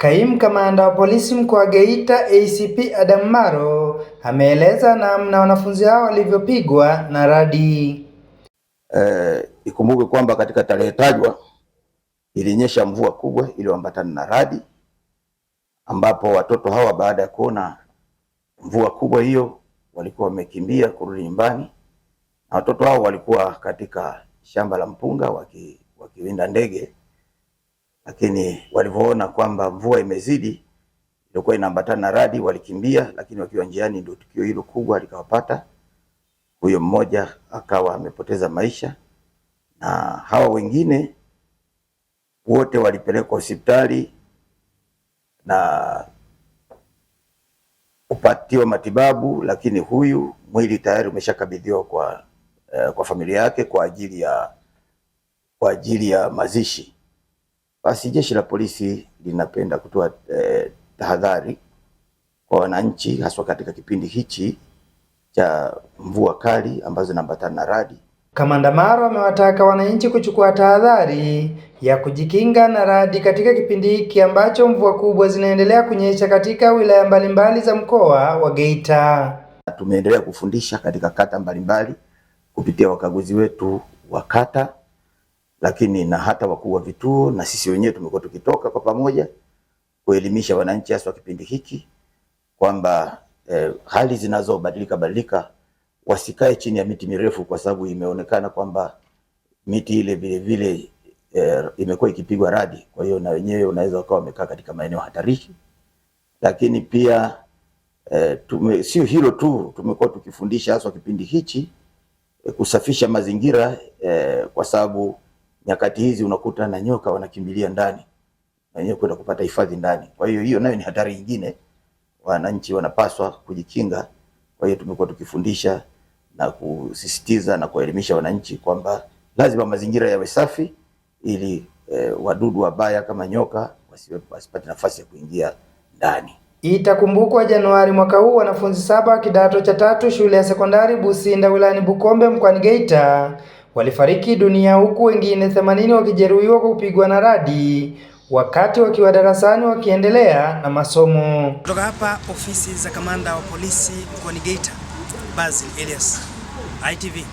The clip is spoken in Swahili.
Kaimu kamanda wa polisi mkoa wa Geita ACP Adam Maro ameeleza namna wanafunzi hao walivyopigwa na radi. Eh, ikumbuke kwamba katika tarehe tajwa ilinyesha mvua kubwa iliyoambatana na radi, ambapo watoto hawa baada ya kuona mvua kubwa hiyo walikuwa wamekimbia kurudi nyumbani, na watoto hao walikuwa katika shamba la mpunga waki, wakiwinda ndege lakini walivyoona kwamba mvua imezidi, ilikuwa inaambatana na radi, walikimbia, lakini wakiwa njiani ndio tukio hilo kubwa likawapata. Huyo mmoja akawa amepoteza maisha na hawa wengine wote walipelekwa hospitali na kupatiwa matibabu, lakini huyu mwili tayari umeshakabidhiwa kwa, eh, kwa familia yake kwa ajili ya, kwa ajili ya mazishi. Basi jeshi la polisi linapenda kutoa eh, tahadhari kwa wananchi haswa katika kipindi hichi cha mvua kali ambazo zinaambatana na radi. Kamanda Maro amewataka wananchi kuchukua tahadhari ya kujikinga na radi katika kipindi hiki ambacho mvua kubwa zinaendelea kunyesha katika wilaya mbalimbali za mkoa wa Geita. Tumeendelea kufundisha katika kata mbalimbali kupitia wakaguzi wetu wa kata lakini na hata wakuu wa vituo na sisi wenyewe tumekuwa tukitoka kwa pamoja kuelimisha wananchi hasa kipindi hiki kwamba eh, hali zinazobadilika badilika wasikae chini ya miti mirefu, kwa sababu imeonekana kwamba miti ile vile eh, imekuwa ikipigwa radi. Kwa hiyo na wenyewe unaweza ukawa wamekaa katika maeneo hatarishi, lakini pia eh, tume, sio hilo tu, tumekuwa tukifundisha hasa kipindi hichi eh, kusafisha mazingira eh, kwa sababu nyakati hizi unakuta na nyoka wanakimbilia ndani na nyoka kwenda kupata hifadhi ndani. Kwa hiyo hiyo nayo ni hatari nyingine, wananchi wanapaswa kujikinga. Kwa hiyo tumekuwa tukifundisha na kusisitiza na kuelimisha wananchi kwamba lazima mazingira yawe safi ili e, wadudu wabaya kama nyoka wasipate nafasi ya kuingia ndani. Itakumbukwa Januari mwaka huu wanafunzi saba kidato cha tatu shule ya sekondari Businda wilayani Bukombe mkoani Geita walifariki dunia huku wengine 80 wakijeruhiwa kwa kupigwa na radi wakati wakiwa darasani wakiendelea na masomo. Kutoka hapa ofisi za kamanda wa polisi mkoani Geita, Basil Elias, ITV.